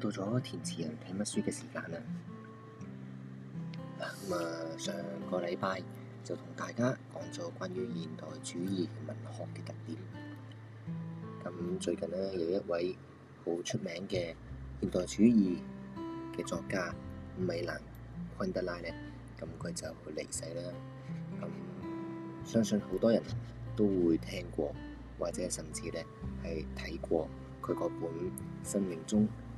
去到咗填詞人睇乜書嘅時間啦！咁啊，上個禮拜就同大家講咗關於現代主義文學嘅特點。咁最近咧，有一位好出名嘅現代主義嘅作家米蘭昆德拉咧，咁佢就離世啦。咁相信好多人都會聽過，或者甚至咧係睇過佢個本《生命中》。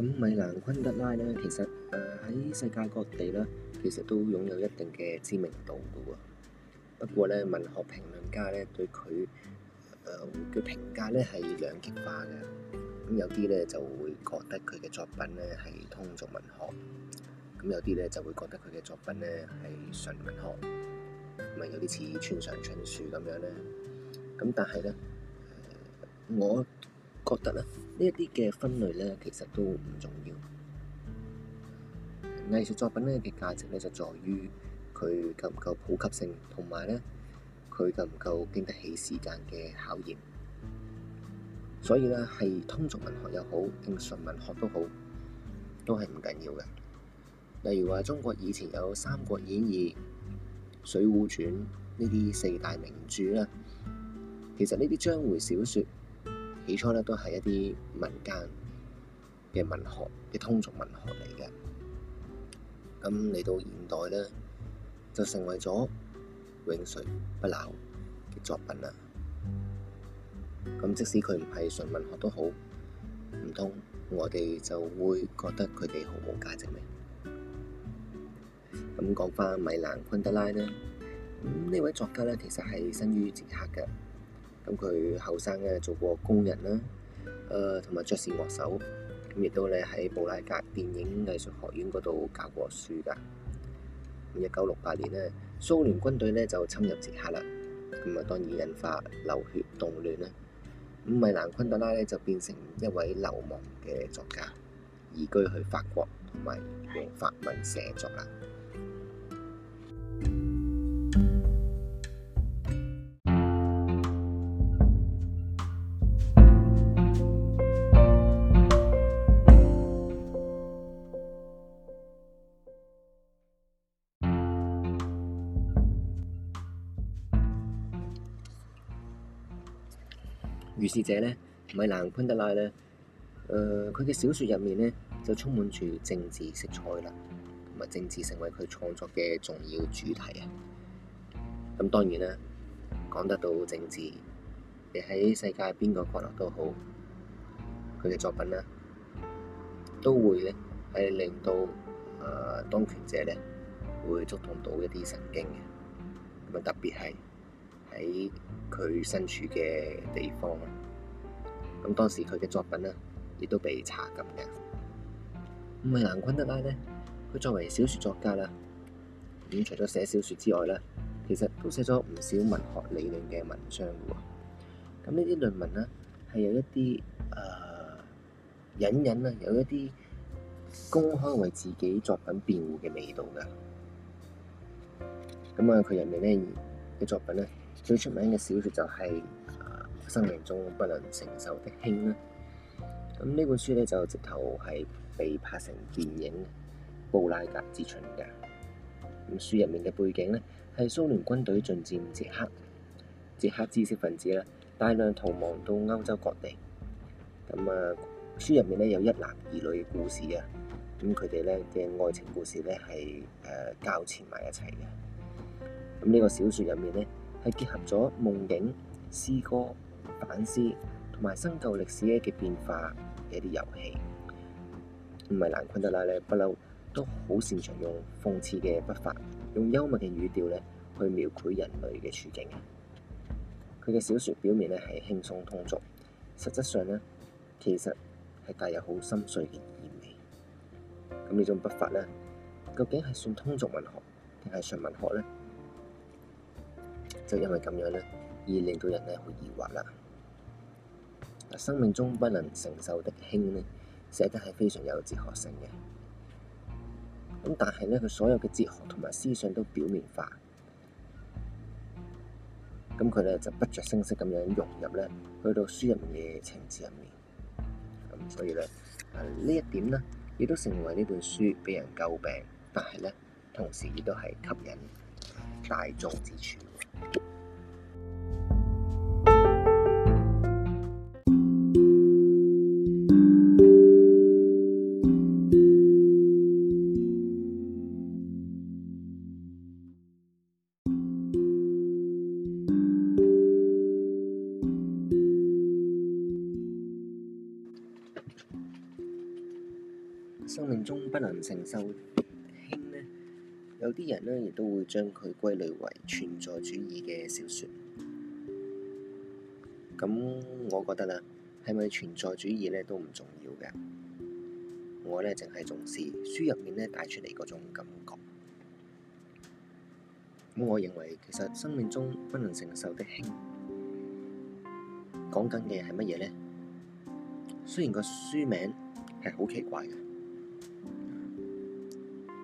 咁米蘭昆德拉咧，其實誒喺、呃、世界各地咧，其實都擁有一定嘅知名度嘅喎。不過咧，文學評論家咧對佢誒嘅評價咧係兩極化嘅。咁有啲咧就會覺得佢嘅作品咧係通俗文學，咁有啲咧就會覺得佢嘅作品咧係純文學。咪有啲似村上春樹咁樣咧。咁但係咧、呃，我覺得呢一啲嘅分類呢，其實都唔重要。藝術作品呢嘅價值呢，就在於佢夠唔夠普及性，同埋呢，佢夠唔夠經得起時間嘅考驗。所以呢，係通俗文學又好，正純文學都好，都係唔緊要嘅。例如話，中國以前有《三國演義》、《水滸傳》呢啲四大名著啦，其實呢啲章回小說。起初咧都係一啲民間嘅文學嘅通俗文學嚟嘅，咁嚟到現代咧就成為咗永垂不朽嘅作品啦。咁即使佢唔係純文學都好，唔通我哋就會覺得佢哋毫無價值咩？咁講翻米蘭昆德拉咧，咁呢位作家咧其實係生於捷克嘅。咁佢後生咧做過工人啦，誒同埋爵士樂手，咁亦都咧喺布拉格電影藝術學院嗰度教過書㗎。咁一九六八年咧，蘇聯軍隊咧就侵入捷克啦，咁啊當然引發流血動亂啦。咁米蘭昆德拉咧就變成一位流亡嘅作家，移居去法國同埋用法文寫作啦。作者呢，米蘭昆德拉呢，誒、呃，佢嘅小説入面呢，就充滿住政治色彩啦，同埋政治成為佢創作嘅重要主題啊。咁當然啦，講得到政治，你喺世界邊個角落都好，佢嘅作品呢，都會呢，係令到誒當權者呢，會觸動到一啲神經嘅，咁啊特別係喺佢身處嘅地方。咁當時佢嘅作品咧，亦都被查禁嘅。咁啊，蘭昆德拉咧，佢作為小説作家啦，咁除咗寫小説之外咧，其實都寫咗唔少文學理論嘅文章嘅喎。咁呢啲論文咧，係有一啲誒隱隱咧，有一啲公開為自己作品辯護嘅味道㗎。咁啊，佢入面咧嘅作品咧，最出名嘅小説就係。生命中不能承受的輕呢、啊？咁呢本書呢，就直頭係被拍成電影《布拉格之春》嘅。咁書入面嘅背景呢，係蘇聯軍隊進佔捷克，捷克知識分子啦，大量逃亡到歐洲各地。咁啊，書入面呢，有一男二女嘅故事啊。咁佢哋呢嘅愛情故事呢，係誒、呃、交纏埋一齊嘅。咁呢個小説入面呢，係結合咗夢境、詩歌。反思同埋新舊歷史嘅嘅變化嘅一啲遊戲，米蘭昆德拉咧，不嬲都好擅長用諷刺嘅筆法，用幽默嘅語調咧去描繪人類嘅處境嘅。佢嘅小説表面咧係輕鬆通俗，實質上呢，其實係帶有好深邃嘅意味。咁呢種筆法呢，究竟係算通俗文學定係純文學呢？就因為咁樣呢。以令到人呢好疑惑啦！嗱，生命中不能承受的輕呢，寫得係非常有哲學性嘅。咁但係呢，佢所有嘅哲學同埋思想都表面化，咁佢呢就不着聲色咁樣融入呢，去到書入面嘅情節入面。咁所以呢，啊，呢一點呢，亦都成為呢本書俾人詬病，但係呢，同時亦都係吸引大眾之處。承受輕呢，有啲人呢亦都會將佢歸類為存在主義嘅小説。咁我覺得啦，係咪存在主義呢都唔重要嘅。我呢淨係重視書入面呢帶出嚟嗰種感覺。咁我認為其實生命中不能承受的輕，講緊嘅係乜嘢呢？雖然個書名係好奇怪嘅。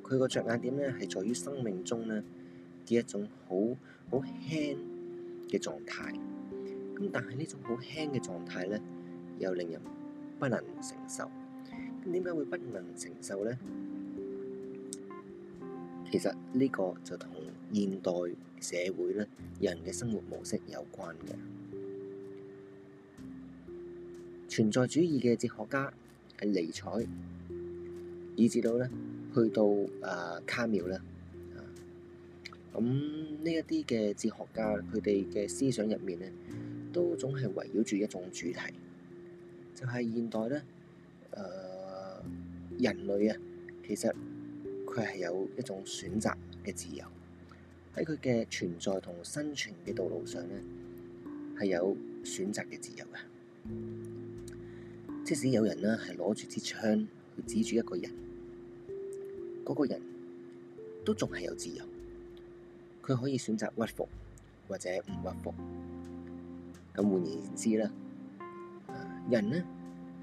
佢個着眼點咧係在於生命中咧嘅一種好好輕嘅狀態，咁但係呢種好輕嘅狀態咧又令人不能承受。咁點解會不能承受咧？其實呢個就同現代社會咧人嘅生活模式有關嘅。存在主義嘅哲學家係尼采，以至到咧。去到啊卡繆啦，啊咁呢一啲嘅哲學家，佢哋嘅思想入面呢，都總係圍繞住一種主題，就係、是、現代咧，誒、啊、人類啊，其實佢係有一種選擇嘅自由，喺佢嘅存在同生存嘅道路上呢，係有選擇嘅自由嘅，即使有人呢、啊，係攞住支槍去指住一個人。嗰個人都仲係有自由，佢可以選擇屈服或者唔屈服，咁換言之咧，人呢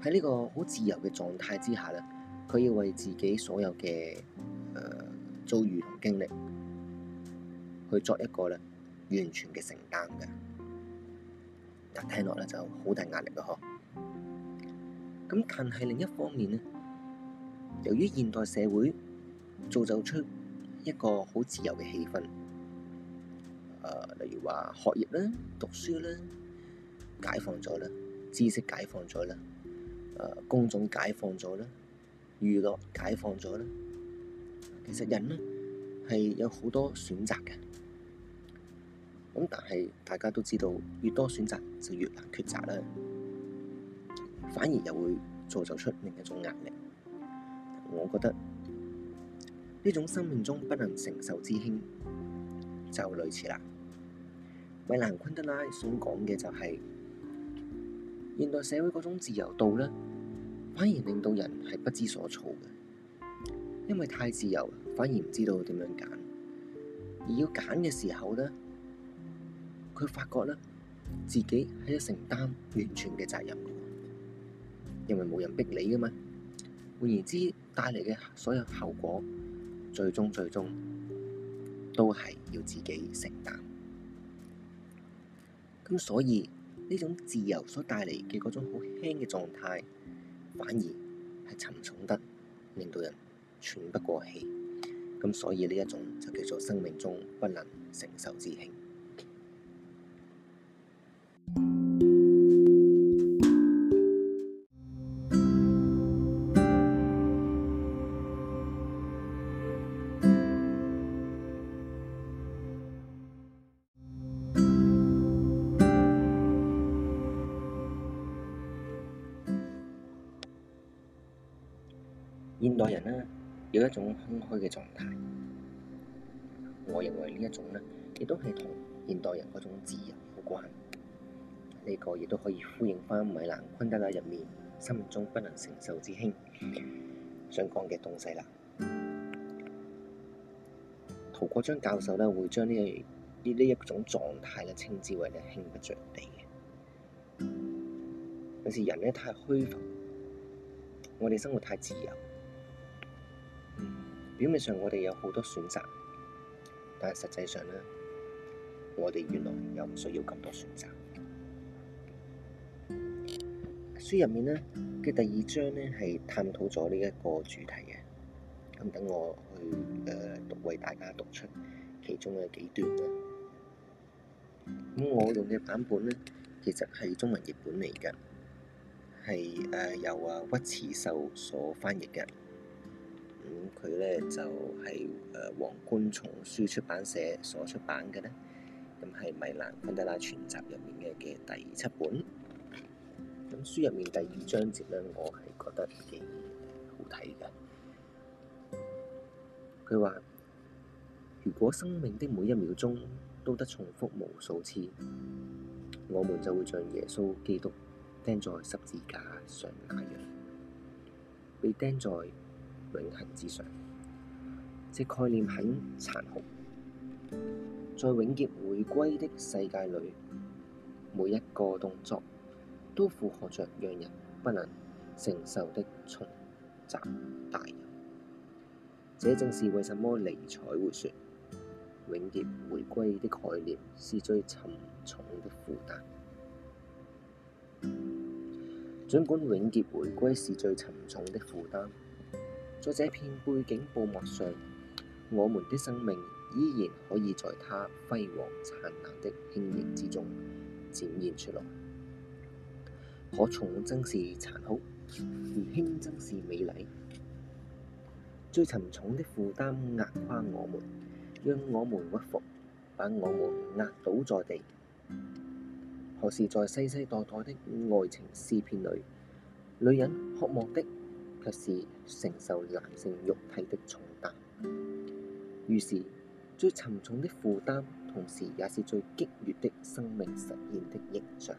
喺呢個好自由嘅狀態之下咧，佢要為自己所有嘅、呃、遭遇同經歷，去作一個咧完全嘅承擔嘅，但聽落咧就好大壓力咯，嗬，咁但係另一方面呢，由於現代社會。造就出一個好自由嘅氣氛，呃、例如話學業啦、讀書啦、解放咗啦、知識解放咗啦、誒、呃，公眾解放咗啦、娛樂解放咗啦，其實人呢係有好多選擇嘅，咁但係大家都知道，越多選擇就越難抉擇啦，反而又會造就出另一種壓力，我覺得。呢種生命中不能承受之輕，就類似啦。米蘭昆德拉所講嘅就係、是，現代社會嗰種自由度呢，反而令到人係不知所措嘅，因為太自由，反而唔知道點樣揀，而要揀嘅時候呢，佢發覺呢，自己喺度承擔完全嘅責任，因為冇人逼你噶嘛。換言之，帶嚟嘅所有後果。最終最終都係要自己承擔。咁所以呢種自由所帶嚟嘅嗰種好輕嘅狀態，反而係沉重得令到人喘不過氣，咁所以呢一種就叫做生命中不能承受之輕。個人呢，有一種空虛嘅狀態，我認為呢一種呢，亦都係同現代人嗰種自由有關，呢、這個亦都可以呼應翻米蘭昆德拉入面生命中不能承受之輕，想講嘅東西啦。陶國章教授呢，會將呢呢呢一種狀態咧稱之為咧輕不着地。有時人呢，太虛浮，我哋生活太自由。表面上我哋有好多選擇，但係實際上呢，我哋原來又唔需要咁多選擇。書入面呢嘅第二章呢，係探討咗呢一個主題嘅，咁等我去誒讀為大家讀出其中嘅幾段啦。咁我用嘅版本呢，其實係中文譯本嚟嘅，係誒由啊尉遲秀所翻譯嘅。咁佢咧就係誒皇冠叢書出版社所出版嘅咧，咁係米蘭昆德拉全集入面嘅嘅第七本。咁書入面第二章節咧，我係覺得幾好睇㗎。佢話，如果生命的每一秒鐘都得重複無數次，我們就會像耶穌基督釘在十字架上那樣，被釘在。永恆之上，這概念很殘酷。在永劫回歸的世界裏，每一個動作都負荷着讓人不能承受的重責大任。這正是為什麼尼采會說，永劫回歸的概念是最沉重的負擔。盡管永劫回歸是最沉重的負擔。在這片背景布幕上，我們的生命依然可以在它輝煌燦爛的輕盈之中展現出來。可重真是殘酷，而輕真是美麗。最沉重的負擔壓垮我們，讓我們屈服，把我們壓倒在地。何時在世世代代的愛情詩篇裏，女人渴望的，卻是承受男性肉體的重擔，於是最沉重的負擔，同時也是最激越的生命實現的形象。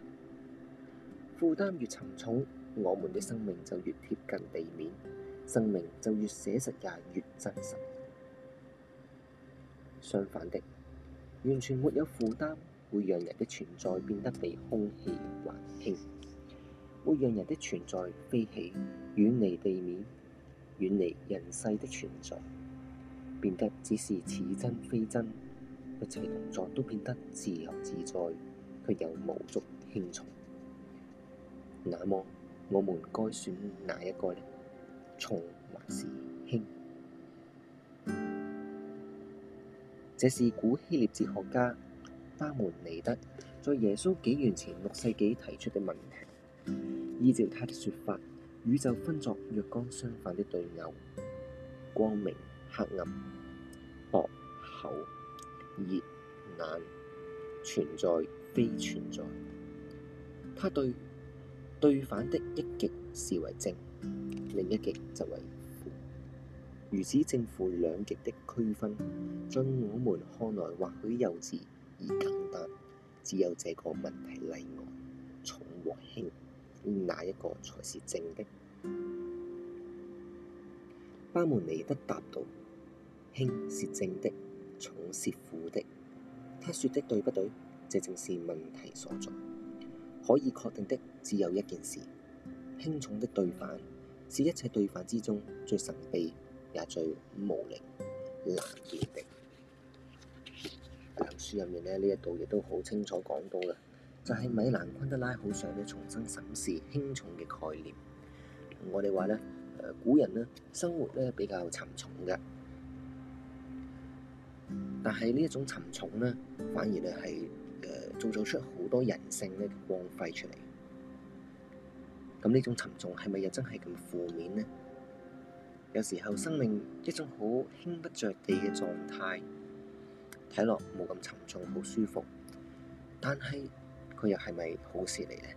負擔越沉重，我們的生命就越貼近地面，生命就越寫實也越真實。相反的，完全沒有負擔，會讓人的存在變得比空氣還輕。會讓人的存在飛起，遠離地面，遠離人世的存在，變得只是似真非真，一切動作都變得自由自在，卻有無足輕重。那麼，我們該選哪一個呢？重還是輕？嗯、這是古希臘哲學家巴門尼德在耶穌紀元前六世紀提出的問題。依照他的說法，宇宙分作若干相反的對偶：光明、黑暗；薄、厚；熱、冷；存在、非存在。他對對反的一極視為正，另一極則為負。如此正負兩極的區分，在我們看來或許幼稚而簡單。只有這個問題例外：重和輕。哪一個才是正的？巴門尼德答道：輕是正的，重是負的。他說的對不對？這正是問題所在。可以確定的只有一件事：輕重的對反是一切對反之中最神秘也最無力難言的。大藏書入面呢，呢一度亦都好清楚講到啦。就係米蘭昆德拉好想咧重新審視輕重嘅概念。我哋話咧，誒古人呢生活咧比較沉重嘅，但係呢一種沉重呢反而咧係誒造就出好多人性咧嘅光輝出嚟。咁呢種沉重係咪又真係咁負面呢？有時候生命一種好輕不着地嘅狀態，睇落冇咁沉重，好舒服，但係，佢又係咪好事嚟咧？